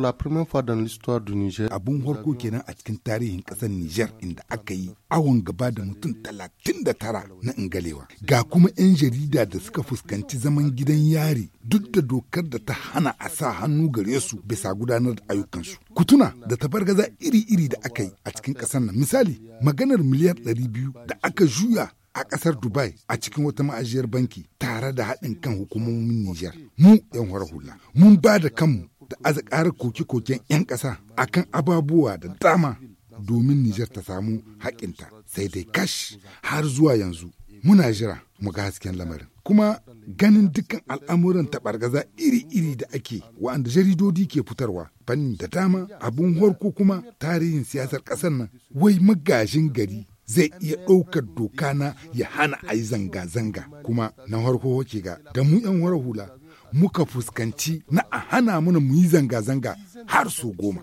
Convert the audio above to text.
la du Abun harko kenan a cikin tarihin kasar Nijar inda aka yi awon gaba da mutum talatin da tara na ingalewa. Ga kuma 'yan jarida da suka fuskanci zaman gidan yari duk da dokar da ta hana a sa hannu gare su bisa gudanar da ayyukansu. Kutuna da gaza iri-iri da aka yi a cikin kasar nan. Misali, maganar miliyar 200 da aka juya a kasar Dubai a cikin wata ma'ajiyar banki tare da haɗin kan hukumomin Nijar. Mu 'yan hula mun ba da kanmu ta aza ƙara koke-koken 'yan ƙasa akan ababuwa da dama domin Nijar ta samu haƙinta sai dai kash har zuwa yanzu muna jira mu ga hasken lamarin kuma ganin dukkan al'amuran taɓargaza iri-iri da ake wa'anda jaridodi ke fitarwa fanni da dama abun horko kuma tarihin siyasar ƙasar nan wai magajin gari zai iya ɗaukar doka na ya hana a yi zanga-zanga kuma na harko ke ga da mu 'yan hula muka fuskanci na a hana mana mu yi zanga-zanga har so goma.